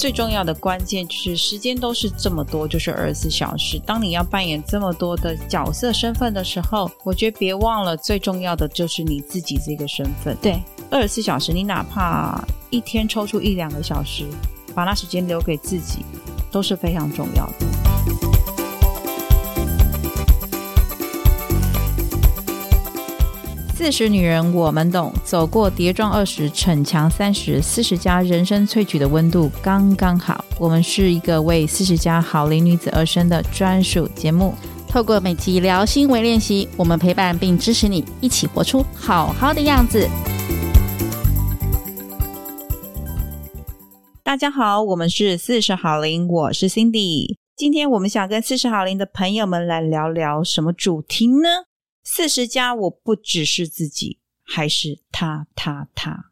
最重要的關鍵就是時間都是這麼多，就是二十四小時。當你要扮演這麼多的角色身份的時候，我覺得別忘了最重要的就是你自己這個身份。對，二十四小時，你哪怕一天抽出一兩個小時，把那時間留給自己，都是非常重要的。四十女人，我們懂。走過跌撞二十，逞強三十，四十加人生萃取的溫度剛剛好。我們是一個為四十加好齡女子而生的專屬節目。透過每集聊心為練習，我們陪伴並支持你，一起活出好好的樣子。大家好，我們是四十好齡，我是 Cindy。今天我們想跟四十好齡的朋友們來聊聊什麼主題呢？四十加，家，我不只是自己，還是她、她、她。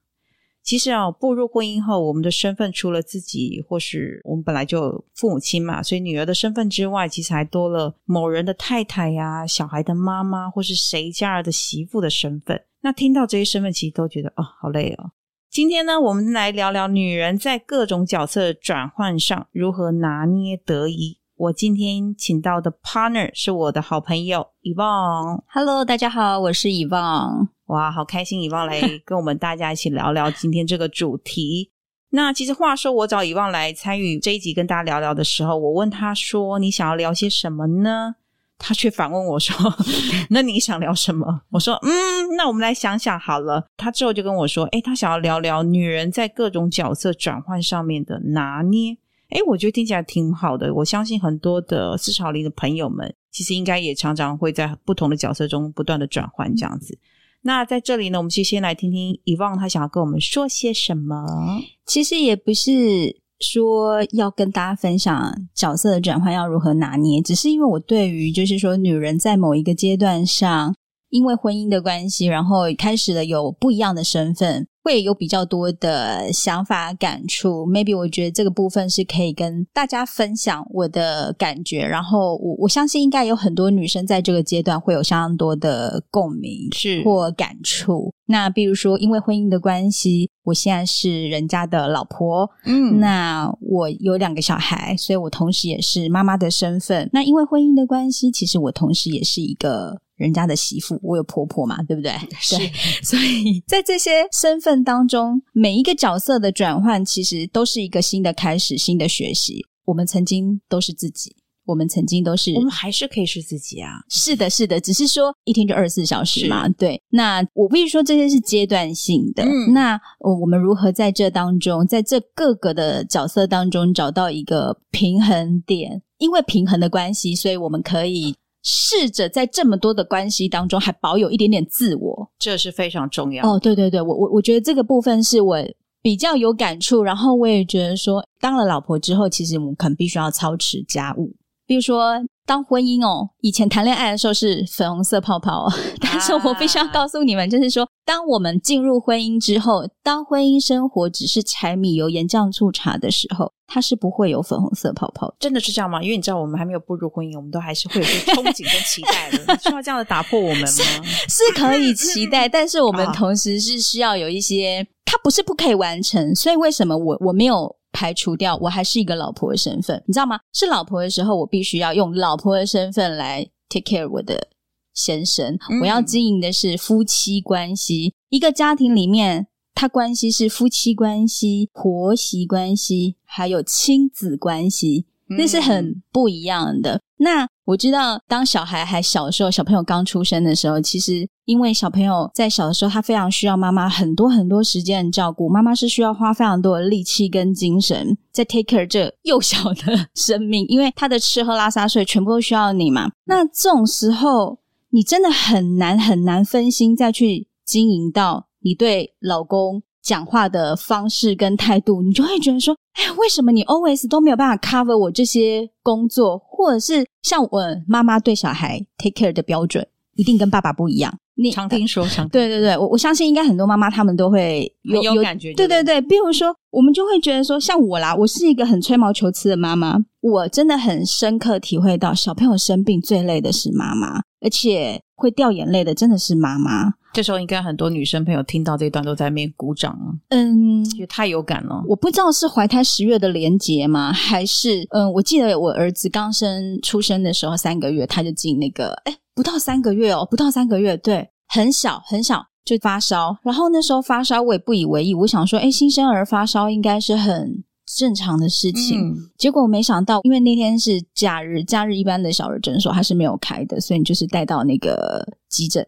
其實啊、哦，步入婚姻後，我們的身份除了自己，或是我們本來就父母親嘛，所以女兒的身份之外，其實還多了某人的太太呀、啊、小孩的媽媽，或是誰家兒的媳婦的身份。那聽到這些身份，其實都覺得哦，好累哦。今天呢，我們來聊聊女人在各種角色轉換上如何拿捏得宜。我今天請到的 partner 是我的好朋友伊旺。Hello，大家好，我是伊旺。哇，好開心，伊旺來跟我們大家一起聊聊今天這個主題。 那其實話說，我找伊旺來參與這一集跟大家聊聊的時候，我問他說：“你想要聊些什麼呢？”他卻反問我說：“那你想聊什麼？”我說：“嗯，那我們來想想好了。”他之後就跟我說：“哎，他想要聊聊女人在各種角色轉換上面的拿捏。”哎，我覺得聽起來挺好的。我相信很多的四十好齡的朋友們，其實應該也常常會在不同的角色中不斷的轉換這樣子。那在這裡呢，我們就先來聽聽 Evonne 她想要跟我們說些什麼。其實也不是說要跟大家分享角色的轉換要如何拿捏，只是因為我對於就是說女人在某一個階段上，因為婚姻的關係，然後開始了有不一樣的身份。會有比較多的想法、感觸。Maybe 我覺得這個部分是可以跟大家分享我的感覺。然後我我相信應該有很多女生在這個階段會有相當多的共鳴，是或感觸。是那比如說，因為婚姻的關係，我現在是人家的老婆，嗯，那我有兩個小孩，所以我同時也是媽媽的身份。那因為婚姻的關係，其實我同時也是一個人家的媳婦。我有婆婆嘛，對不對？是對，所以在這些身份。當中每一個角色的轉換，其實都是一個新的開始，新的學習。我們曾經都是自己，我們曾經都是，我們還是可以是自己啊！是的，是的，只是說一天就二十四小時嘛。是。對，那我必須說這些是階段性的。嗯，那我們如何在這當中，在這各個的角色當中找到一個平衡點？因為平衡的關係，所以我們可以。試着在這麼多的關係當中，還保有一點點自我，這是非常重要。哦，對對對，我我我覺得這個部分是我比較有感觸，然後我也覺得說，當了老婆之後，其實我們可能必須要操持家務，比如說。當婚姻哦，以前談戀愛的時候是粉紅色泡泡。哦，但是我必須要告訴你們，就是說，啊、當我們進入婚姻之後，當婚姻生活只是柴米油鹽醬醋茶的時候，它是不會有粉紅色泡泡。真的是這樣嗎？因為你知道，我們還沒有步入婚姻，我們都還是會有些憧憬跟期待的。 你需要這樣的打破我們嗎？是，是可以期待，但是我們同時是需要有一些，啊、它不是不可以完成。所以為什麼我我沒有？排除掉，我還是一個老婆的身份，你知道嗎？是老婆的時候，我必須要用老婆的身份來 take care 我的先生。嗯。我要經營的是夫妻關係，一個家庭裡面，他關係是夫妻關係、婆媳關係，還有親子關係。那是很不一樣的。那我知道，當小孩還小的時候，小朋友剛出生的時候，其實因為小朋友在小的時候，他非常需要媽媽很多很多時間的照顧，媽媽是需要花非常多的力氣跟精神在 take care 這幼小的生命，因為他的吃喝拉撒睡全部都需要你嘛。那這種時候，你真的很難很難分心再去經營到你對老公。講話的方式跟態度，你就會覺得說：“哎，為什麼你 always 都沒有辦法 cover 我這些工作，或者是像我媽媽對小孩 take care 的標準，一定跟爸爸不一樣？”你常聽說，常聽。對對對，我我相信應該很多媽媽她們都會有有感覺。對，對對對，比如說我們就會覺得說，像我啦，我是一個很吹毛求疵的媽媽，我真的很深刻體會到小朋友生病最累的是媽媽，而且會掉眼淚的真的是媽媽。這時候應該很多女生朋友聽到這段都在那邊鼓掌了。嗯，也太有感了。我不知道是懷胎十月的連結嗎？還是嗯，我記得我兒子剛生出生的時候三個月，他就進那個，誒，不到三個月哦，不到三個月，對，很小很小就發燒。然後那時候發燒我也不以為意，我想說，誒，新生兒發燒應該是很正常的事情。嗯，結果我沒想到，因為那天是假日，假日一般的小兒診所他是沒有開的，所以你就是帶到那個急診。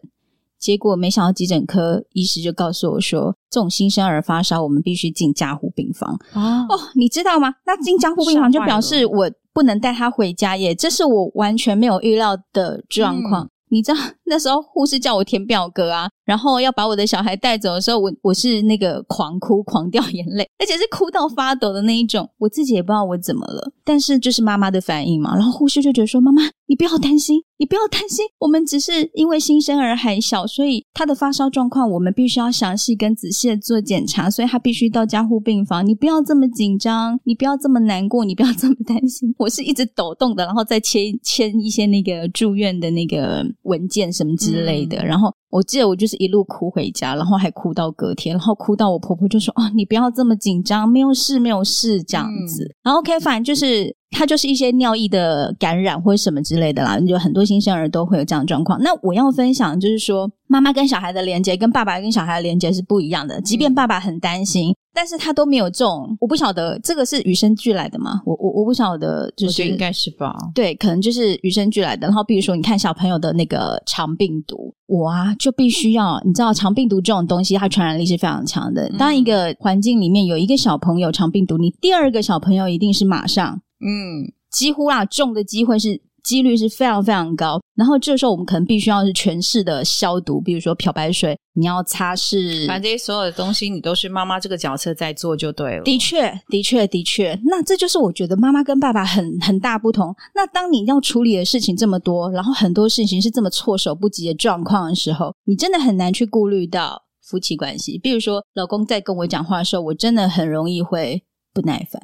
結果沒想到，急診科醫師就告訴我說：“這種新生兒發燒，我們必須進加護病房。啊”啊哦，你知道嗎？那進加護病房就表示我不能帶他回家耶，這是我完全沒有預料的狀況。嗯。你知道那時候護士叫我填表格啊，然後要把我的小孩帶走的時候，我我是那個狂哭、狂掉眼淚，而且是哭到發抖的那一種。我自己也不知道我怎麼了，但是就是媽媽的反應嘛。然後護士就覺得說：“媽媽。”你不要擔心，你不要擔心，我們只是因為新生兒還小，所以他的發燒狀況，我們必須要詳細跟仔細的做檢查，所以他必須到加護病房。你不要這麼緊張，你不要這麼難過，你不要這麼擔心。我是一直抖動的，然後再簽簽一些那個住院的那個文件什麼之類的，嗯、然後。我記得我就是一路哭回家，然後還哭到隔天，然後哭到我婆婆就說：“哦，你不要這麼緊張，沒有事，沒有事，這樣子。嗯”然後 K、OK，反正就是他就是一些尿液的感染或什麼之類的啦，有很多新生兒都會有這樣的狀況。那我要分享就是說，媽媽跟小孩的連接跟爸爸跟小孩的連接是不一樣的，即便爸爸很擔心。嗯嗯但是他都沒有中，我不曉得這個是與生俱來的嗎？我我我不曉得，就是我應該是吧？對，可能就是與生俱來的。然後比如說，你看小朋友的那個腸病毒，我啊就必須要，嗯、你知道腸病毒這種東西，它傳染力是非常強的。當一個環境裡面有一個小朋友腸病毒，你第二個小朋友一定是馬上，嗯，幾乎啦、啊、中的機會是。幾率是非常非常高，然後這時候我們可能必須要是全室的消毒，比如說漂白水，你要擦拭，反正這些所有的東西你都是媽媽這個角色在做就對了。的確，的確，的確，那這就是我覺得媽媽跟爸爸很很大不同。那當你要處理的事情這麼多，然後很多事情是這麼措手不及的狀況的時候，你真的很難去顧慮到夫妻關係。比如說老公在跟我講話的時候，我真的很容易會不耐煩，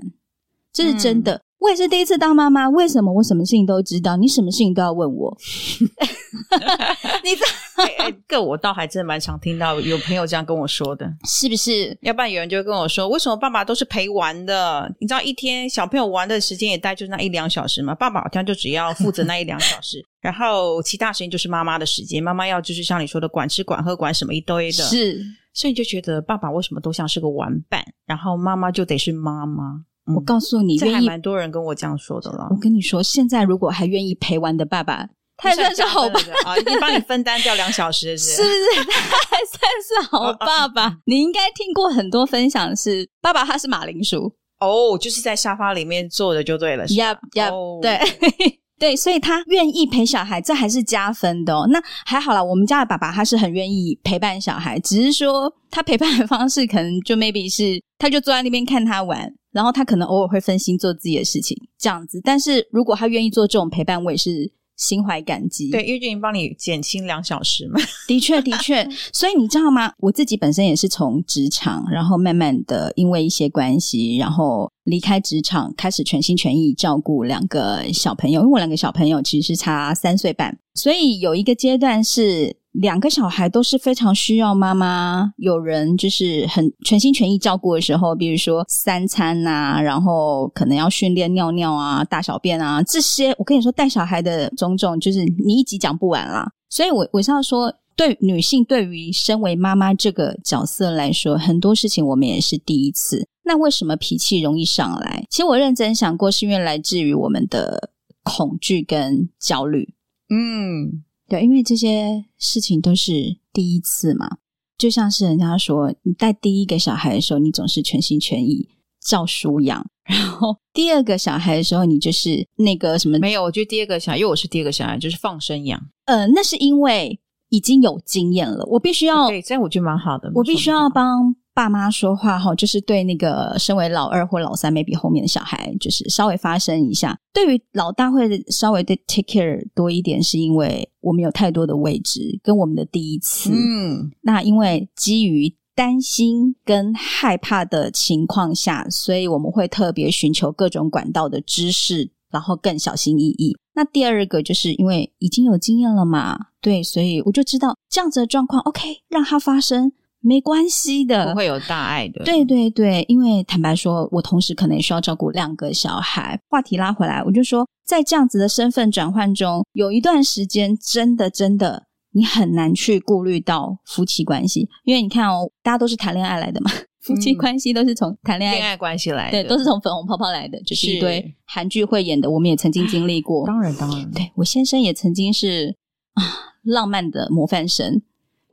這是真的。嗯我也是第一次當媽媽，為什麼我什麼事情都知道？你什麼事情都要問我？ 你這道、 哎哎、個我倒還真的蠻常聽到有朋友這樣跟我說的，是不是？要不然有人就會跟我說，為什麼爸爸都是陪玩的？你知道一天小朋友玩的時間也大概就是那一兩小時嗎？爸爸好像就只要負責那一兩小時， 然後其他時間就是媽媽的時間。媽媽要就是像你說的，管吃、管喝、管什麼一堆的。是，所以你就覺得爸爸為什麼都像是個玩伴，然後媽媽就得是媽媽。我告訴你，這還蠻多人跟我這樣說的了。我跟你說，現在如果還願意陪玩的爸爸，他也算是好爸爸。已經，哦，你幫你分擔掉兩小時，是不 是，是？他還算是好爸爸。哦，哦。你應該聽過很多分享的是，是爸爸他是馬鈴薯哦，oh, 就是在沙發裡面坐着就對了，呀呀，yep, yep, oh. 對 對，所以他願意陪小孩，這還是加分的哦。那還好啦，我們家的爸爸他是很願意陪伴小孩，只是說他陪伴的方式可能就 maybe 是，他就坐在那邊看他玩。然後他可能偶爾會分心做自己的事情，這樣子。但是如果他願意做這種陪伴，我也是心懷感激。對，因為就已經幫你減輕兩小時嘛。的確，的確。 所以你知道嗎？我自己本身也是從職場，然後慢慢的因為一些關係，然後離開職場，開始全心全意照顧兩個小朋友。因為我兩個小朋友其實是差三歲半，所以有一個階段是。兩個小孩都是非常需要媽媽，有人就是很全心全意照顧的時候，比如說三餐吶、啊，然後可能要訓練尿尿啊、大小便啊這些。我跟你說，帶小孩的種種，就是你一集講不完啦。所以我我是要說，對女性對於身為媽媽這個角色來說，很多事情我們也是第一次。那為什麼脾氣容易上來？其實我認真想過，是因為來自於我們的恐懼跟焦慮。嗯。對，因為這些事情都是第一次嘛，就像是人家說，你帶第一個小孩的時候，你總是全心全意照書養，然後第二個小孩的時候，你就是那個什麼？沒有，我覺得第二個小孩，因為我是第二個小孩，就是放生養。呃，那是因為已經有經驗了，我必須要，對，這樣我覺得蠻好的。我必須要幫。爸媽說話哈，就是對那個身為老二或老三、maybe 後面的小孩，就是稍微發聲一下。對於老大會稍微對 take care 多一點，是因為我們有太多的未知跟我們的第一次。嗯，那因為基於擔心跟害怕的情況下，所以我們會特別尋求各種管道的知識，然後更小心翼翼。那第二個就是因為已經有經驗了嘛，對，所以我就知道這樣子的狀況，OK，讓它發生。沒關係的，不會有大礙的。對對對，因為坦白說，我同時可能也需要照顧兩個小孩。話題拉回來，我就說，在這樣子的身份轉換中，有一段時間，真的真的，你很難去顧慮到夫妻關係，因為你看哦，大家都是談戀愛來的嘛，嗯，夫妻關係都是從談戀愛、戀愛關係來的，對，都是從粉紅泡泡來的，是。就是一堆韓劇會演的。我們也曾經經歷過，當然當然，當然。對，我先生也曾經是啊，浪漫的模範生。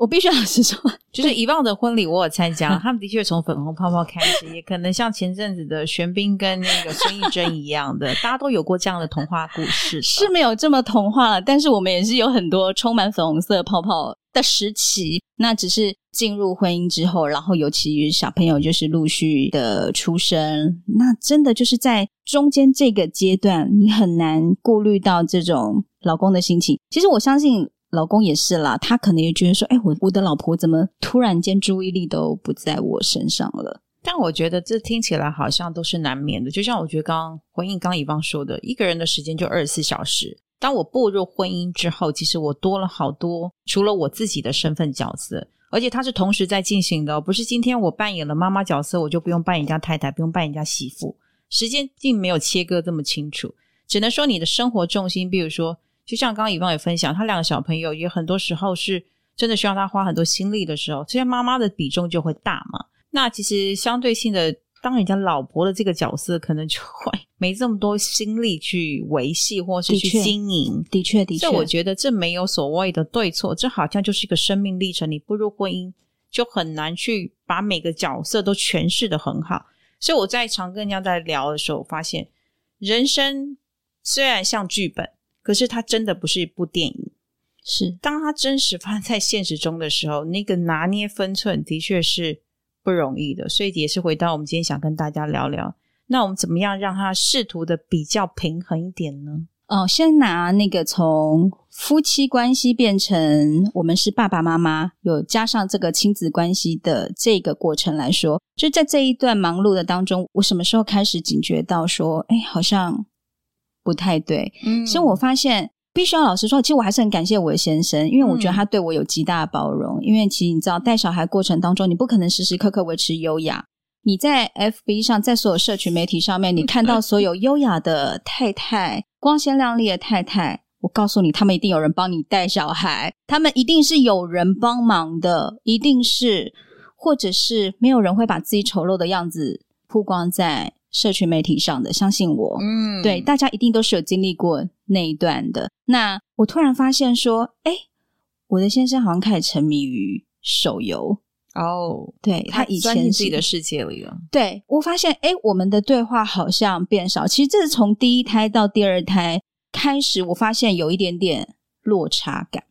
我必須要老實說，就是以往的婚禮，我有參加，對他們的確從粉紅泡泡開始， 也可能像前陣子的玄彬跟那個孫藝珍一樣的， 大家都有過這樣的童話故事，是沒有這麼童話了。但是我們也是有很多充滿粉紅色泡泡的時期。那只是進入婚姻之後，然後尤其小朋友就是陸續的出生，那真的就是在中間這個階段，你很難顧慮到這種老公的心情。其實我相信。老公也是啦，他可能也覺得說：“哎，我我的老婆怎麼突然間注意力都不在我身上了？”但我覺得這聽起來好像都是難免的。就像我覺得剛婚姻剛一方說的，一個人的時間就二十四小時。當我步入婚姻之後，其實我多了好多，除了我自己的身份角色，而且它是同時在進行的，不是今天我扮演了媽媽角色，我就不用扮演一家太太，不用扮演一家媳婦。時間並沒有切割這麼清楚，只能說你的生活重心，比如說。就像剛剛乙方，也分享，他兩個小朋友也很多時候是真的需要他花很多心力的時候，這些媽媽的比重就會大嘛。那其實相對性的，當人家老婆的這個角色，可能就會沒這麼多心力去維繫或是去經營。的確，的確。的確。所以我覺得這沒有所謂的對錯，這好像就是一個生命歷程。你步入婚姻，就很難去把每個角色都詮釋得很好。所以我在常跟人家在聊的時候，發現人生雖然像劇本。可是它真的不是一部電影，是當它真實發生在現實中的時候，那個拿捏分寸的確是不容易的。所以也是回到我們今天想跟大家聊聊，那我們怎麼樣讓它試圖的比較平衡一點呢？哦，先拿那個從夫妻關係變成我們是爸爸媽媽，有加上這個親子關係的這個過程來說，就在這一段忙碌的當中，我什麼時候開始警覺到說，哎，好像？不太對，嗯、所以我發現，必須要老實說，其實我還是很感謝我的先生，因為我覺得他對我有極大的包容。嗯、因為其實你知道，帶小孩過程當中，你不可能時時刻刻維持優雅。你在 FB 上，在所有社群媒體上面，你看到所有優雅的太太、光鮮亮麗的太太，我告訴你，他們一定有人幫你帶小孩，他們一定是有人幫忙的，一定是，或者是沒有人會把自己醜陋的樣子曝光在。社群媒體上的，相信我，嗯，對，大家一定都是有經歷過那一段的。那我突然發現說，哎，我的先生好像開始沉迷於手遊哦。對，他以前他鑽進自己的世界裡了。對，我發現，哎，我們的對話好像變少。其實這是從第一胎到第二胎開始，我發現有一點點落差感。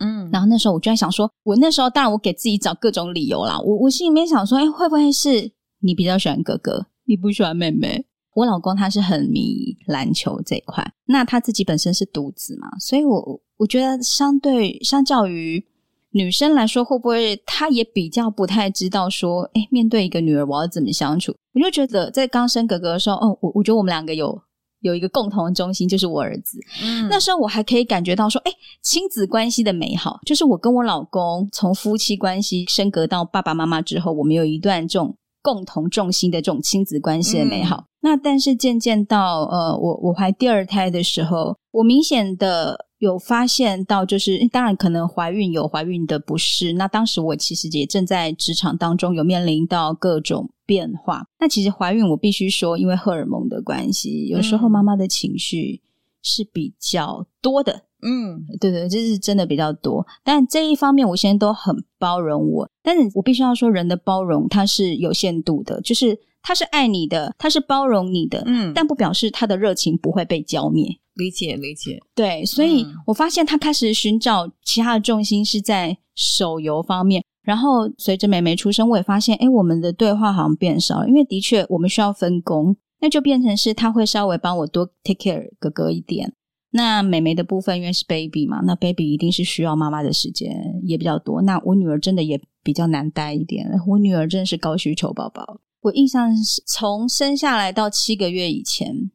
嗯，然後那時候我就在想說，我那時候當然我給自己找各種理由啦。我我心裡面想說，哎，會不會是你比較喜歡哥哥？你不喜歡妹妹？我老公他是很迷籃球這一塊。那他自己本身是獨子嘛，所以我我覺得相對相較於女生來說，會不會他也比較不太知道說，哎，面對一個女兒我要怎麼相處？我就覺得在剛生哥哥的時候，哦，我我覺得我們兩個有有一個共同的中心就是我兒子。嗯。那時候我還可以感覺到說，哎，親子關係的美好，就是我跟我老公從夫妻關係升格到爸爸媽媽之後，我們有一段這種。共同重心的這種親子關係的美好，嗯，那但是漸漸到呃，我我懷第二胎的時候，我明顯的有發現到，就是當然可能懷孕有懷孕的不適，那當時我其實也正在職場當中有面臨到各種變化。那其實懷孕我必須說，因為荷爾蒙的關係，有時候媽媽的情緒是比較多的。嗯，對對這是真的比較多。但這一方面，我先生都很包容我。但是我必須要說，人的包容它是有限度的，就是他是愛你的，他是包容你的，嗯，但不表示他的熱情不會被澆滅。理解，理解。對，所以我發現他開始尋找其他的重心是在手遊方面。然後隨着妹妹出生，我也發現，哎，我們的對話好像變少了，因為的確我們需要分工，那就變成是他會稍微幫我多 take care 哥哥一點。那美眉的部分因為是 baby 嘛，那 baby 一定是需要媽媽的時間也比較多。那我女兒真的也比較難帶一點，我女兒真的是高需求寶寶。我印象是從生下來到七個月以前，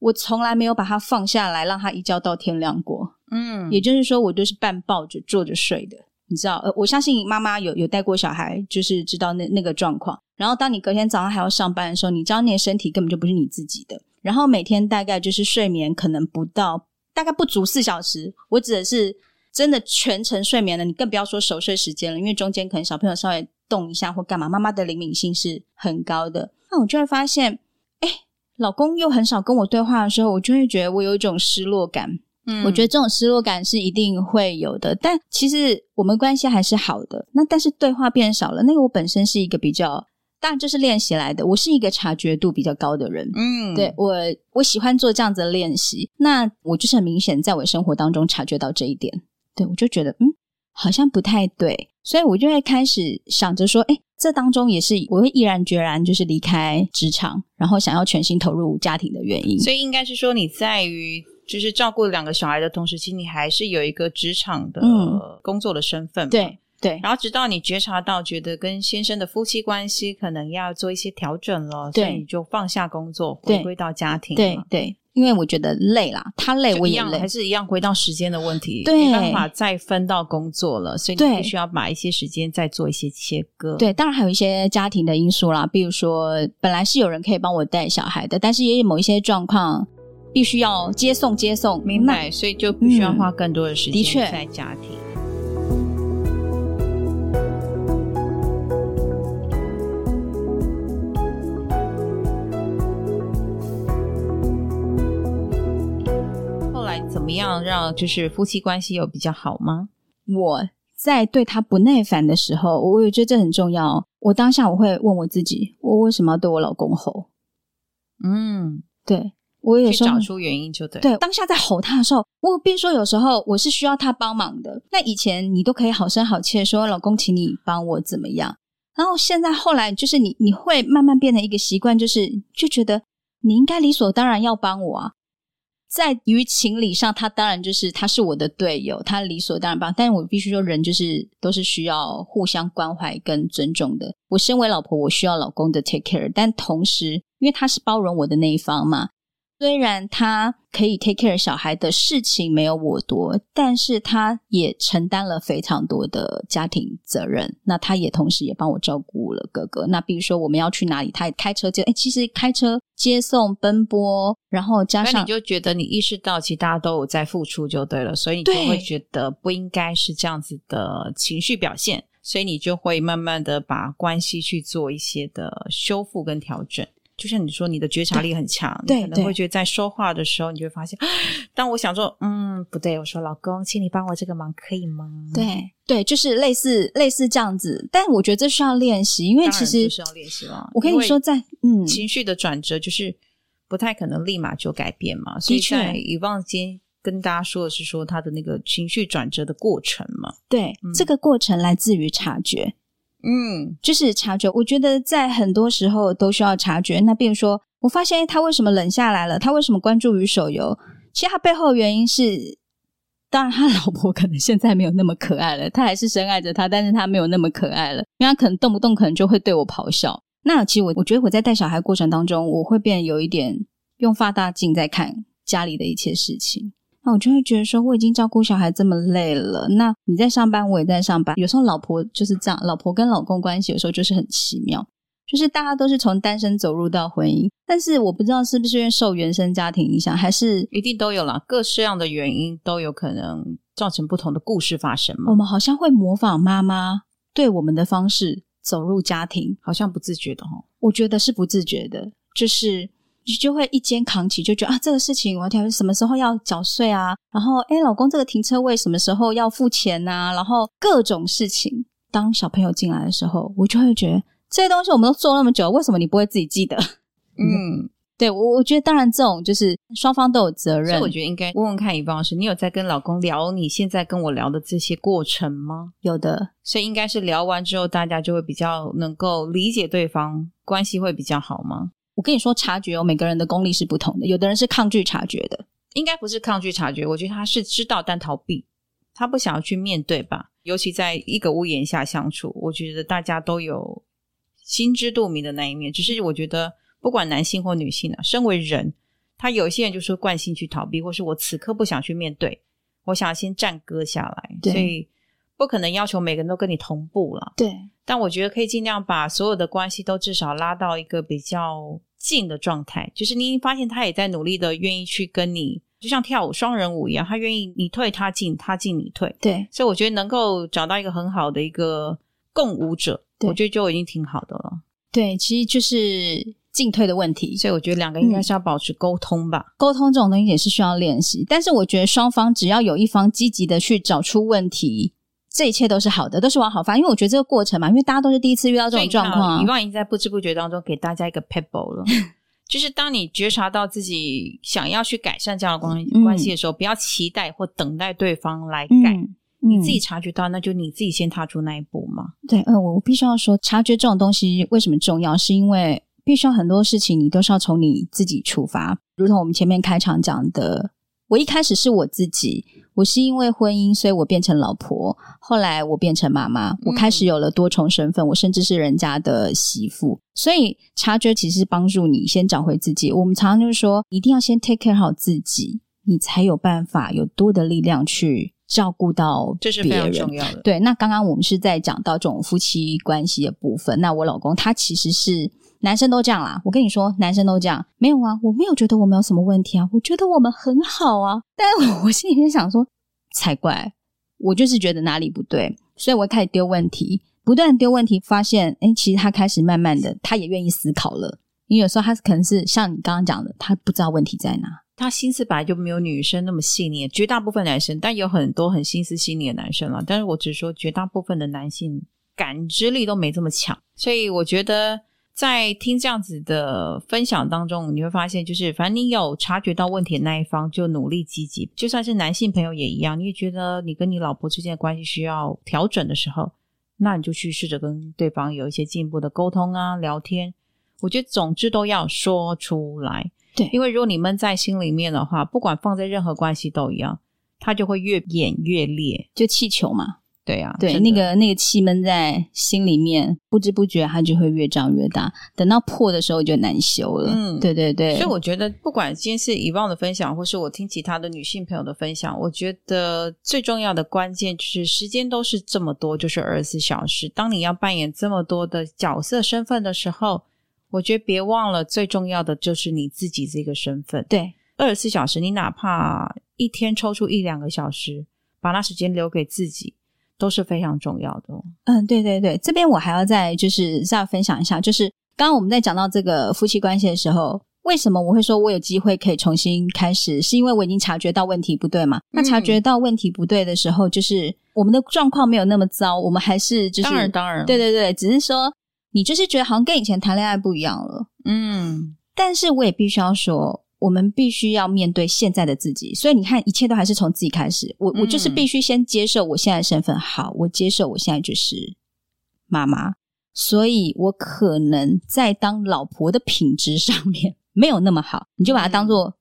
我從來沒有把她放下來讓她一覺到天亮過。嗯，也就是說我就是半抱着坐着睡的，你知道？呃，我相信媽媽有有帶過小孩，就是知道那那個狀況。然後當你隔天早上還要上班的時候，你知道你的身體根本就不是你自己的。然後每天大概就是睡眠可能不到。大概不足四小時，我指的是真的全程睡眠了。你更不要說熟睡時間了，因為中間可能小朋友稍微動一下或幹嘛，媽媽的靈敏性是很高的。那我就會發現，哎、欸，老公又很少跟我對話的時候，我就會覺得我有一種失落感。嗯，我覺得這種失落感是一定會有的。但其實我們關係還是好的。那但是對話變少了，那個我本身是一個比較。但當然，這是練習來的。我是一個察覺度比較高的人，嗯，對我，我喜歡做這樣子的練習。那我就是很明顯，在我生活當中察覺到這一點。對，我就覺得，嗯，好像不太對，所以我就會開始想着說，哎，這當中也是我會毅然決然就是離開職場，然後想要全心投入家庭的原因。所以應該是說，你在於就是照顧兩個小孩的同時，其實你還是有一個職場的工作的身份，嗯，對。對，然後直到你覺察到，覺得跟先生的夫妻關係可能要做一些調整了，對所以你就放下工作，回歸到家庭，對對。對，因為我覺得累了，他累我也累一樣，還是一樣回到時間的問題，對沒辦法再分到工作了，所以你必須要把一些時間再做一些切割。對，對，當然還有一些家庭的因素啦，比如說本來是有人可以幫我帶小孩的，但是也有某一些狀況必須要接送接送，明白？那所以就必須要花更多的時間、嗯、在家庭。怎麼樣讓就是夫妻關係有比較好嗎？我在對他不耐煩的時候，我也覺得這很重要。我當下我會問我自己，我為什麼要對我老公吼？嗯，對，我也找出原因就對。對，當下在吼他的時候，我比如說有時候我是需要他幫忙的。那以前你都可以好聲好氣的說：“老公，請你幫我怎麼樣。”然後現在後來就是你你會慢慢變成一個習慣，就是就覺得你應該理所當然要幫我啊。在於情理上，他當然就是他是我的隊友，他理所當然吧。但是我必須說，人就是都是需要互相關懷跟尊重的。我身為老婆，我需要老公的 take care，但同時，因為他是包容我的那一方嘛。雖然他可以 take care 小孩的事情沒有我多，但是他也承擔了非常多的家庭責任。那他也同時也幫我照顧了哥哥。那比如說我們要去哪裡，他也開車接。哎，其實開車接送奔波，然後加上後你就覺得你意識到，其實大家都有在付出就對了，所以你就會覺得不應該是這樣子的情緒表現，所以你就會慢慢的把關係去做一些的修復跟調整。就像你說，你的覺察力很強，對你可能會覺得在說話的時候，你就會發現。當我想說，嗯，不對，我說老公，請你幫我這個忙，可以嗎？對對，就是類似類似這樣子。但我覺得這需要練習，因為其實不需要練習了。我跟你說在，在嗯，情緒的轉折就是不太可能立馬就改變嘛。的確，所以在以往間跟大家說的是說他的那個情緒轉折的過程嘛。對，嗯，這個過程來自於察覺。嗯，就是察覺。我覺得在很多時候都需要察覺。那比如說，我發現他為什麼冷下來了？他為什麼關注於手遊？其實他背後的原因是，當然他老婆可能現在沒有那麼可愛了，他還是深愛着他，但是他沒有那麼可愛了，因為他可能動不動可能就會對我咆哮。那其實我我覺得我在帶小孩過程當中，我會變得有一點用放大鏡在看家裡的一切事情。我就會覺得說，我已經照顧小孩這麼累了。那你在上班，我也在上班。有時候老婆就是這樣，老婆跟老公關係有時候就是很奇妙，就是大家都是從單身走入到婚姻。但是我不知道是不是因為受原生家庭影響，還是一定都有啦。各式樣的原因都有可能造成不同的故事發生嘛。我們好像會模仿媽媽對我們的方式走入家庭，好像不自覺的哦，我覺得是不自覺的，就是。就就會一肩扛起，就覺得啊，這個事情我天，什麼時候要繳稅啊？然後哎，老公，這個停車位什麼時候要付錢啊，然後各種事情，當小朋友進來的時候，我就會覺得這些東西我們都做了那麼久，為什麼你不會自己記得？嗯，嗯，對，我我覺得當然，這種就是雙方都有責任。所以我覺得應該問問看，方老師，你有在跟老公聊你現在跟我聊的這些過程嗎？有的。所以應該是聊完之後，大家就會比較能夠理解對方，關係會比較好嗎？我跟你說，察覺哦，每個人的功力是不同的。有的人是抗拒察覺的，應該不是抗拒察覺。我覺得他是知道但逃避，他不想要去面對吧。尤其在一個屋檐下相處，我覺得大家都有心知肚明的那一面。只是我覺得，不管男性或女性、啊、身為人，他有些人就是慣性去逃避，或是我此刻不想去面對，我想先暫擱下來，對所以。不可能要求每個人都跟你同步了，對。但我覺得可以盡量把所有的關係都至少拉到一個比較近的狀態，就是你已經發現他也在努力的願意去跟你，就像跳舞雙人舞一樣，他願意你退他進，他進你退，對。所以我覺得能夠找到一個很好的一個共舞者，對我覺得就已經挺好的了。對，其實就是進退的問題，所以我覺得兩個應該是要保持溝通吧、嗯。溝通這種東西也是需要練習，但是我覺得雙方只要有一方積極的去找出問題。這一切都是好的，都是往好發，因為我覺得這個過程嘛，因為大家都是第一次遇到這種狀況，一你爸已經在不知不覺當中給大家一個 pebble 了。 就是當你覺察到自己想要去改善這樣的關關係的時候，嗯、不要期待或等待對方來改，嗯、你自己察覺到，嗯、那就你自己先踏出那一步嘛。對，嗯、呃，我我必須要說，察覺這種東西為什麼重要，是因為必須要很多事情你都是要從你自己出發，如同我們前面開場講的。我一開始是我自己，我是因為婚姻，所以我變成老婆。後來我變成媽媽，嗯、我開始有了多重身份，我甚至是人家的媳婦。所以察覺其實是幫助你先找回自己。我們常常就是說，一定要先 take care 好自己，你才有辦法有多的力量去照顧到別人。這是非常重要的。對，那剛剛我們是在講到這種夫妻關係的部分。那我老公他其實是。男生都這樣啦，我跟你說，男生都這樣。沒有啊，我沒有覺得我們有什麼問題啊，我覺得我們很好啊。但我，我心裡面想說，才怪，我就是覺得哪裡不對，所以我開始丟問題，不斷丟問題，發現，哎，其實他開始慢慢的，他也願意思考了。因為有時候他可能是像你剛剛講的，他不知道問題在哪，他心思本來就沒有女生那麼細膩，絕大部分男生，但有很多很心思細膩的男生啦。但是我只說絕大部分的男性感知力都沒這麼強，所以我覺得。在聽這樣子的分享當中，你會發現，就是反正你有察覺到問題的那一方，就努力積極，就算是男性朋友也一樣。你也覺得你跟你老婆之間的關係需要調整的時候，那你就去試着跟對方有一些進一步的溝通啊、聊天。我覺得總之都要說出來，對，因為如果你悶在心裡面的話，不管放在任何關係都一樣，它就會越演越烈，就氣球嘛。對啊，對的那個那個氣悶在心裡面，不知不覺它就會越長越大。等到破的時候就難修了。嗯，對對對。所以我覺得，不管今天是以往的分享，或是我聽其他的女性朋友的分享，我覺得最重要的關鍵就是時間都是這麼多，就是二十四小時。當你要扮演這麼多的角色身份的時候，我覺得別忘了最重要的就是你自己這個身份。對，二十四小時，你哪怕一天抽出一兩個小時，把那時間留給自己。都是非常重要的哦。嗯，對對對，這邊我還要再就是再分享一下，就是剛剛我們在講到這個夫妻關係的時候，為什麼我會說我有機會可以重新開始，是因為我已經察覺到問題不對嘛。嗯，那察覺到問題不對的時候，就是我們的狀況沒有那麼糟，我們還是就是當然當然，當然對對對，只是說你就是覺得好像跟以前談戀愛不一樣了。嗯，但是我也必須要說。我們必須要面對現在的自己，所以你看，一切都還是從自己開始。我我就是必須先接受我現在的身份，好，我接受我現在就是媽媽，所以我可能在當老婆的品質上面沒有那麼好，你就把它當做，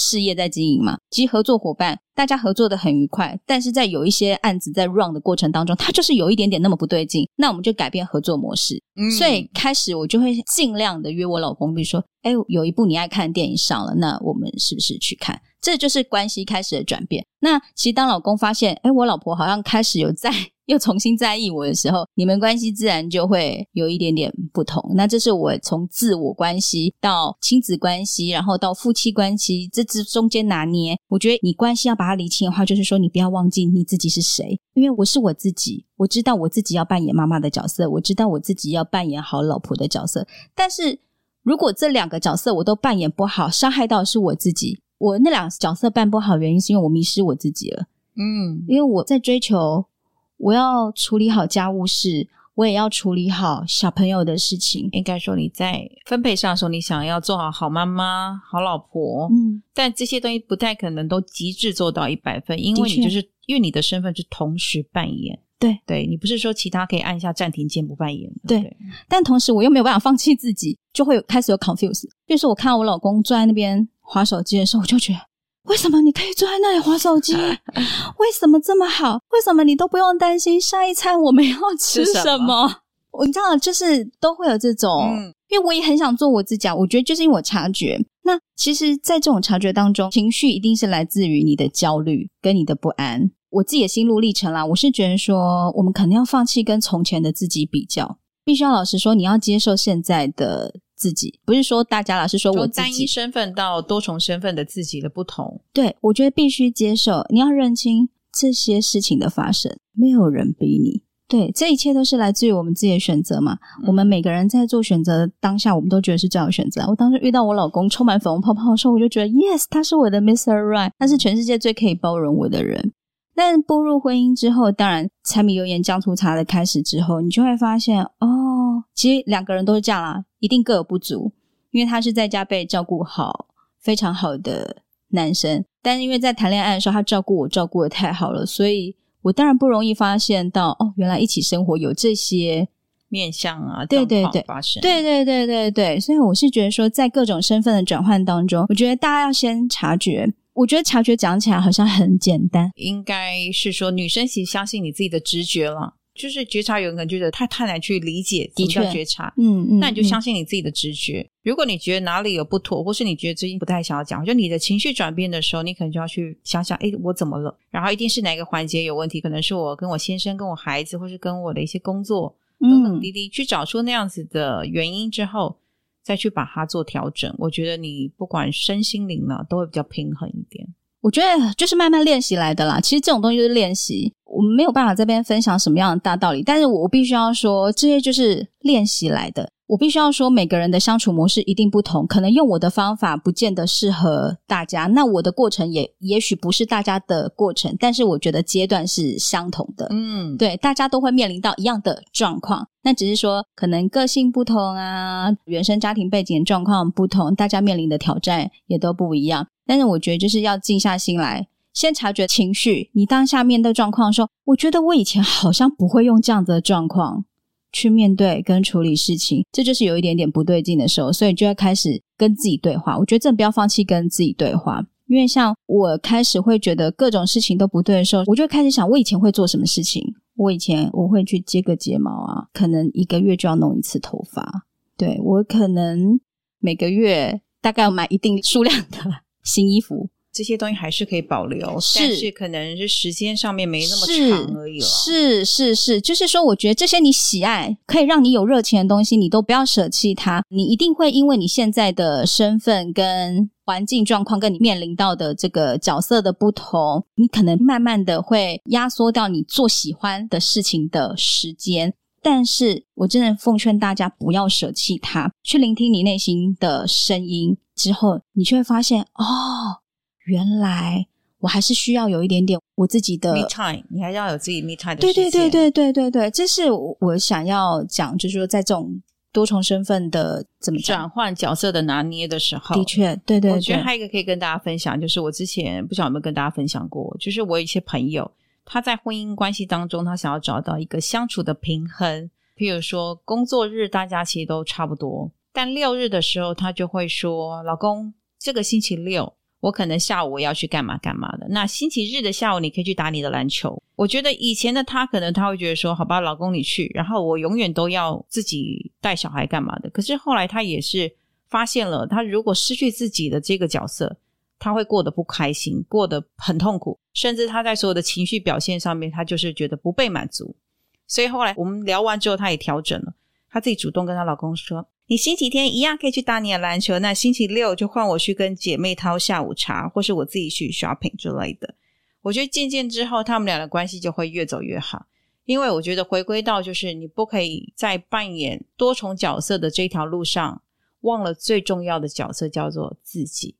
事業在經營嘛，及合作夥伴，大家合作的很愉快。但是在有一些案子在 run 的過程當中，它就是有一點點那麼不對勁，那我們就改變合作模式。嗯，所以開始我就會儘量的約我老公，比如說，哎，有一部你愛看的電影上了，那我們是不是去看？這就是關係開始的轉變。那其實當老公發現，哎，我老婆好像開始有在。又重新在意我的時候，你們關係自然就會有一點點不同。那這是我從自我關係到親子關係，然後到夫妻關係，這這中間拿捏。我覺得你關係要把它理清的話，就是說你不要忘記你自己是誰。因為我是我自己，我知道我自己要扮演媽媽的角色，我知道我自己要扮演好老婆的角色。但是如果這兩個角色我都扮演不好，傷害到是我自己。我那兩角色扮不好，原因是因為我迷失我自己了。嗯，因為我在追求。我要處理好家務事，我也要處理好小朋友的事情。應該說你在分配上的時候，你想要做好好媽媽、好老婆，嗯，但這些東西不太可能都極致做到一百分，因為你就是，的確，因為你的身份是同時扮演。對，對你不是說其他可以按一下暫停鍵不扮演。對，對但同時我又沒有辦法放棄自己，就會有開始有 confuse。就是我看到我老公坐在那邊滑手機的時候，我就覺得。為什麼你可以坐在那裡滑手機？為什麼這麼好？為什麼你都不用擔心下一餐我們要吃什麼？什麼我你知道，就是都會有這種，嗯、因為我也很想做我自己。我覺得就是因為我察覺，那其實，在這種察覺當中，情緒一定是來自於你的焦慮跟你的不安。我自己的心路歷程啦，我是覺得說，我們可能要放棄跟從前的自己比較，必須要老實說，你要接受現在的。自己，不是說大家老是說我單一身份到多重身份的自己的不同。對，我覺得必須接受，你要認清這些事情的發生，沒有人逼你。對，這一切都是來自於我們自己的選擇嘛。嗯，我們每個人在做選擇的當下，我們都覺得是最好的選擇。我當時遇到我老公充滿粉紅泡泡的時候，我就覺得，Yes，他是我的 Mr. Right，他是全世界最可以包容我的人。但步入婚姻之後，當然柴米油鹽醬醋茶的開始之後，你就會發現哦。其實兩個人都是這樣啦、啊，一定各有不足。因為他是在家被照顧好、非常好的男生，但是因為在談戀愛的時候，他照顧我照顧得太好了，所以我當然不容易發現到哦，原來一起生活有這些面向啊。對對對，發生。對對對對對，所以我是覺得說，在各種身份的轉換當中，我覺得大家要先察覺。我覺得察覺講起來好像很簡單，應該是說女生其實相信你自己的直覺了。就是覺察，有可能覺得太太難去理解。的確，覺察，嗯嗯，那你就相信你自己的直覺。嗯嗯嗯、如果你覺得哪裡有不妥，或是你覺得最近不太想要講，就你的情緒轉變的時候，你可能就要去想想，哎，我怎麼了？然後一定是哪一個環節有問題，可能是我跟我先生、跟我孩子，或是跟我的一些工作等等滴滴，嗯、去找出那樣子的原因之後，再去把它做調整。我覺得你不管身心靈呢、啊，都會比較平衡一點。我覺得就是慢慢練習來的啦。其實這種東西就是練習，我沒有辦法這邊分享什麼樣的大道理，但是我必須要說，這些就是練習來的。我必須要說，每個人的相處模式一定不同，可能用我的方法不見得適合大家。那我的過程也也許不是大家的過程，但是我覺得階段是相同的。嗯，對，大家都會面臨到一樣的狀況，那只是說可能個性不同啊，原生家庭背景狀況不同，大家面臨的挑戰也都不一樣。但是我覺得就是要靜下心來，先察覺情緒。你當下面對狀況的時候，我覺得我以前好像不會用這樣的狀況。去面對跟處理事情，這就是有一點點不對勁的時候，所以就要開始跟自己對話。我覺得真的不要放棄跟自己對話，因為像我開始會覺得各種事情都不對的時候，我就會開始想，我以前會做什麼事情？我以前我會去接個睫毛啊，可能一個月就要弄一次頭髮，對，我可能每個月大概要買一定數量的新衣服。這些東西還是可以保留，是但是可能是時間上面沒那麼長而已，啊是。是是是，就是說，我覺得這些你喜愛、可以讓你有熱情的東西，你都不要捨棄它。你一定會因為你現在的身份、跟環境狀況、跟你面臨到的這個角色的不同，你可能慢慢的會壓縮掉你做喜歡的事情的時間。但是我真的奉勸大家不要捨棄它。去聆聽你內心的聲音之後，你就會發現哦。原來我還是需要有一點點我自己的 me time，你還要有自己 me time 的時間。對，對對對對對對對，這是我，我想要講，就是說在這種多重身份的怎麼講轉換角色的拿捏的時候，的確，對對，對，對。我覺得還有一個可以跟大家分享，就是我之前不曉得有沒有跟大家分享過，就是我有一些朋友，他在婚姻關係當中，他想要找到一個相處的平衡。比如說工作日大家其實都差不多，但六日的時候，他就會說：“老公，這個星期六。”我可能下午我要去幹嘛幹嘛的。那星期日的下午你可以去打你的籃球。我覺得以前的她可能她會覺得說，好吧，老公你去，然後我永遠都要自己帶小孩幹嘛的。可是後來她也是發現了，她如果失去自己的這個角色，她會過得不開心，過得很痛苦，甚至她在所有的情緒表現上面，她就是覺得不被滿足。所以後來我們聊完之後，她也調整了，她自己主動跟她老公說。你星期天一樣可以去打你的籃球，那星期六就換我去跟姐妹淘下午茶，或是我自己去 shopping 之類的。我覺得漸漸之後，他們倆的關係就會越走越好，因為我覺得回歸到就是你不可以在扮演多重角色的這條路上，忘了最重要的角色叫做自己，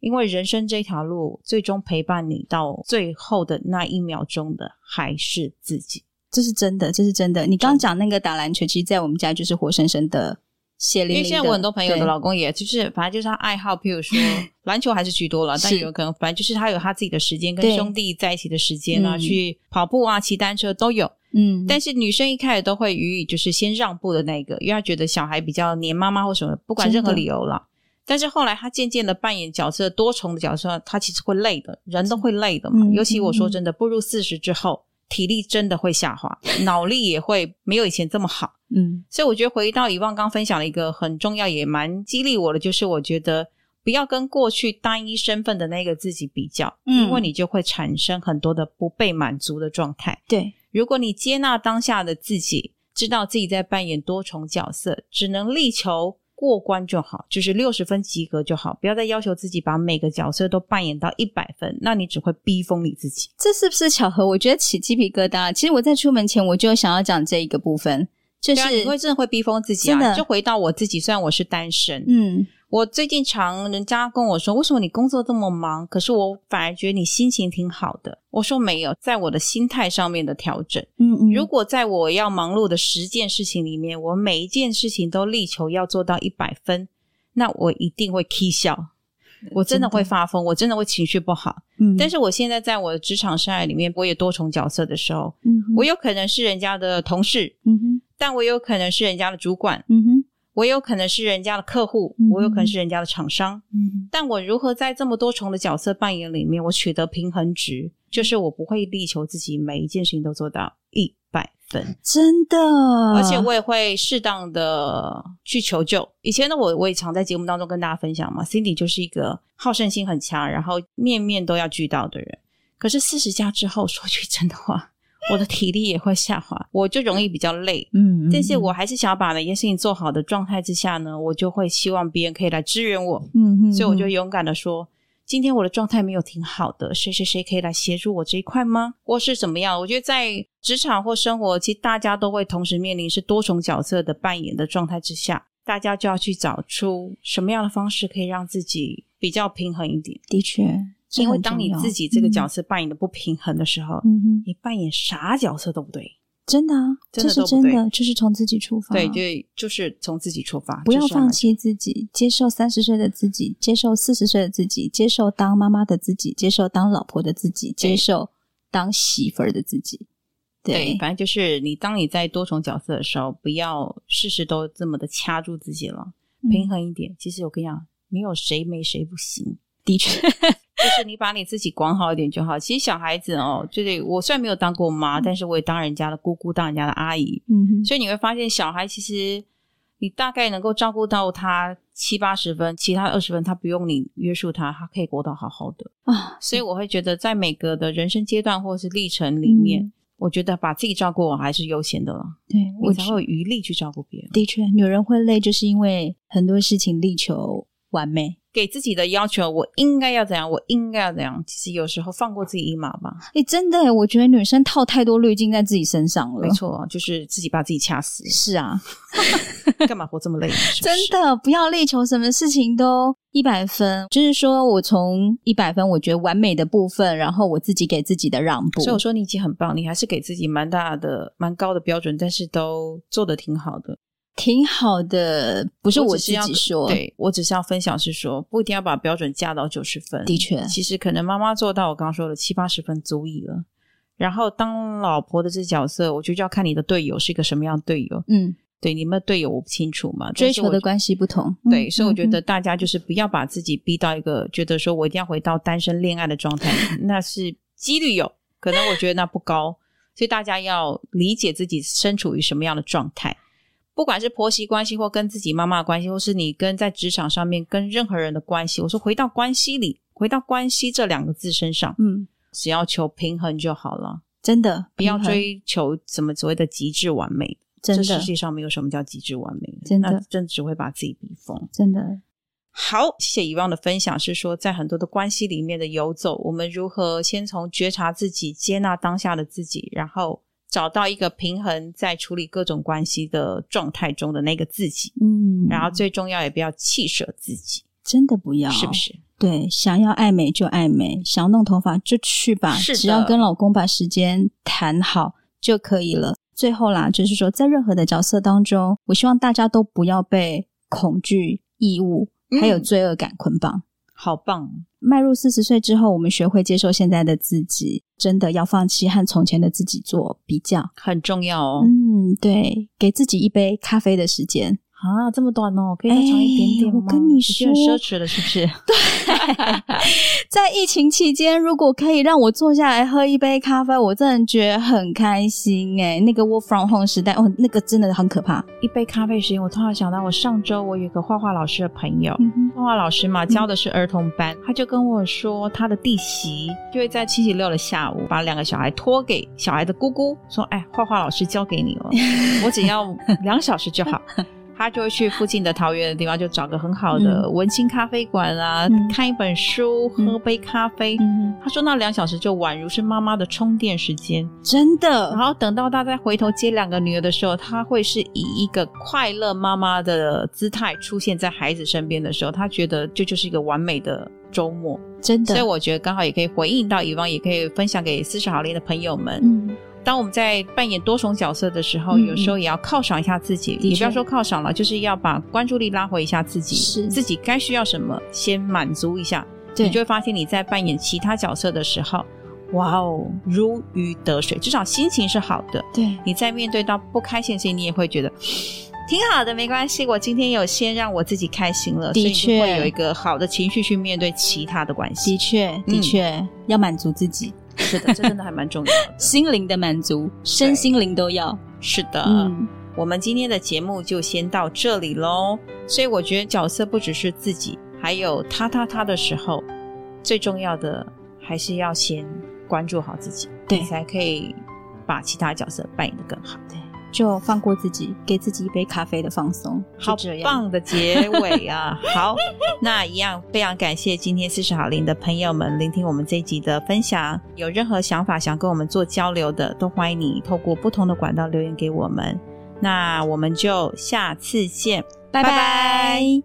因為人生這條路最終陪伴你到最後的那一秒鐘的還是自己，這是真的，這是真的。你剛講那個打籃球，其實，在我們家就是活生生的。血淋。因為現在我很多朋友的老公，也就是反正就是他愛好，譬如說籃球還是居多了，但有可能反正就是他有他自己的時間，跟兄弟在一起的時間啊，去跑步啊、騎單車都有。嗯，但是女生一開始都會予以就是先讓步的那個，因為她覺得小孩比較黏媽媽或什麼，不管任何理由了。但是後來她漸漸的扮演角色，多重的角色，她其實會累的，人都會累的嘛。尤其我說真的，步入四十之後。體力真的會下滑，腦力也會沒有以前這麼好，嗯， 所以我覺得回到以往，剛分享的一個很重要也蠻激勵我的，就是我覺得不要跟過去單一身份的那個自己比較，嗯，因為你就會產生很多的不被滿足的狀態。對，如果你接納當下的自己，知道自己在扮演多重角色，只能力求。過關就好，就是六十分及格就好，不要再要求自己把每個角色都扮演到一百分，那你只會逼瘋你自己。這是不是巧合？我覺得起雞皮疙瘩。其實我在出門前我就想要講這一個部分，就是、啊、你會真的會逼瘋自己啊！是的，就回到我自己，雖然我是單身，嗯。我最近常人家跟我說，為什麼你工作這麼忙？可是我反而覺得你心情挺好的。我說沒有，在我的心態上面的調整。嗯嗯。如果在我要忙碌的十件事情裡面，我每一件事情都力求要做到一百分，那我一定會氣笑，我真的會發瘋，真的我真的會情緒不好。嗯，嗯。但是我現在在我的職場生涯裡面，我也有多重角色的時候，嗯，嗯，我有可能是人家的同事，嗯哼、嗯，但我有可能是人家的主管，嗯哼、嗯。我有可能是人家的客戶，我有可能是人家的廠商，嗯，但我如何在這麼多重的角色扮演裡面，我取得平衡值，就是我不會力求自己每一件事情都做到一百分，真的。而且我也會適當的去求救。以前呢，我我也常在節目當中跟大家分享嘛，Cindy 就是一個好勝心很強，然後面面都要俱到的人。可是四十加之後，說句真的話。我的體力也會下滑，我就容易比較累，嗯，嗯，嗯，但是我還是想要把那些事情做好的狀態之下呢，我就會希望別人可以來支援我，嗯，嗯，嗯，所以我就勇敢的說，今天我的狀態沒有挺好的，誰誰誰可以來協助我這一塊嗎？或是怎麼樣？我覺得在職場或生活，其實大家都會同時面臨是多重角色的扮演的狀態之下，大家就要去找出什麼樣的方式可以讓自己比較平衡一點。的確。因為當你自己這個角色扮演的不平衡的時候，嗯、哼你扮演啥角色都不對，真的啊，這是真的，就是從自己出發，對對，就是從自己出發，不要放棄自己，接受三十歲的自己，接受四十歲的自己，接受當媽媽的自己，接受當老婆的自己，對接受當媳婦兒的自己，對，對，反正就是你當你在多重角色的時候，不要事事都這麼的掐住自己了，嗯、平衡一點。其實我跟你講，沒有誰沒誰不行，的確。 就是你把你自己管好一點就好。其實小孩子哦，就是我雖然沒有當過媽，嗯、但是我也當人家的姑姑，當人家的阿姨。嗯哼，所以你會發現，小孩其實你大概能夠照顧到他七八十分，其他二十分他不用你約束他，他可以過得好好的啊。所以我會覺得，在每個的人生階段或者是歷程裡面，嗯、我覺得把自己照顧好還是悠閒的了。對，我才會有餘力去照顧別人。的確，女人會累，就是因為很多事情力求完美。給自己的要求，我應該要怎樣？我應該要怎樣？其實有時候放過自己一馬吧。哎，真的，我覺得女生套太多濾鏡在自己身上了，沒錯、啊，就是自己把自己掐死。是啊， 幹嘛活這麼累？就是、 真的不要力求什麼事情都一百分。就是說我從一百分，我覺得完美的部分，然後我自己給自己的讓步。所以我說你已經很棒，你還是給自己蠻大的、蠻高的標準，但是都做得挺好的，挺好的，不是我，自己我是要說，對我只是要分享是說，不一定要把標準加到九十分。的確，其實可能媽媽做到我剛剛說的七八十分足矣了。然後當老婆的這角色，我就要看你的隊友是一個什麼樣的隊友。嗯，對，你們的隊友我不清楚嘛，追求的關係不同。對，所以我覺得大家就是不要把自己逼到一個嗯嗯嗯覺得說我一定要回到單身戀愛的狀態，那是幾率有 可能，我覺得那不高。所以大家要理解自己身處於什麼樣的狀態。不管是婆媳關係，或跟自己媽媽關係，或是你跟在職場上面跟任何人的關係，我說回到關係裡，回到關係這兩個字身上，嗯，只要求平衡就好了。真的，啊，不要追求什麼所謂的極致完美，真的，這世界上沒有什麼叫極致完美的，真的，那真只會把自己逼瘋。真的，好，謝謝遺忘的分享，是說在很多的關係裡面的遊走，我們如何先從覺察自己，接納當下的自己，然後。找到一個平衡，在處理各種關係的狀態中的那個自己，嗯，然後最重要也不要棄捨自己，真的不要，是不是？對，想要愛美就愛美，想要弄頭髮就去吧，的只要跟老公把時間談好就可以了。最後啦，就是說，在任何的角色當中，我希望大家都不要被恐懼、義務還有罪惡感捆綁。嗯好棒！邁入四十歲之後，我們學會接受現在的自己，真的要放棄和從前的自己做比較，很重要哦。嗯，對，給自己一杯咖啡的時間。啊，這麼短哦，可以再長一點點嗎？哎、我跟你說，已經很奢侈了，是不是？對， 在疫情期間，如果可以讓我坐下來喝一杯咖啡，我真的覺得很開心。哎，那個 work from home 時代，哦，那個真的很可怕。一杯咖啡時間，我突然想到，我上週我有一個畫畫老師的朋友，畫、嗯、哼畫老師嘛，教的是兒童班，嗯、他就跟我說，他的弟媳就會在星期六的下午把兩個小孩托給小孩的姑姑，說：“哎，畫畫老師交給你哦， 我只要兩小時就好。” 他就會去附近的桃園的地方，就找個很好的文青咖啡館啊，嗯、看一本書，嗯、喝杯咖啡。嗯、哼他說那兩小時就宛如是媽媽的充電時間，真的。然後等到他再回頭接兩個女兒的時候，他會是以一個快樂媽媽的姿態出現在孩子身邊的時候，他覺得這就是一個完美的周末，真的。所以我覺得剛好也可以回應到以往，也可以分享給四十好齡的朋友們。嗯當我們在扮演多重角色的時候，嗯嗯，有時候也要犒賞一下自己。你確不要說犒賞了，就是要把關注力拉回一下自己，是自己該需要什麼先滿足一下，對你就會發現你在扮演其他角色的時候，哇哦，如魚得水，至少心情是好的。對，你在面對到不開心時，你也會覺得挺好的，沒關係。我今天有先讓我自己開心了，的確所以你會有一個好的情緒去面對其他的關係。的確，的確、嗯、要滿足自己。 是的，這真的還蠻重要的， 心靈的滿足，身心靈都要。是的，嗯、我們今天的節目就先到這裡嘍。所以我覺得角色不只是自己，還有他他他的時候，最重要的還是要先關注好自己，對，你才可以把其他角色扮演得更好。對就放過自己，給自己一杯咖啡的放鬆。這樣好棒的結尾啊！ 好，那一樣非常感謝今天四十好齡的朋友們聆聽我們這一集的分享。有任何想法想跟我們做交流的，都歡迎你透過不同的管道留言給我們。那我們就下次見，拜拜。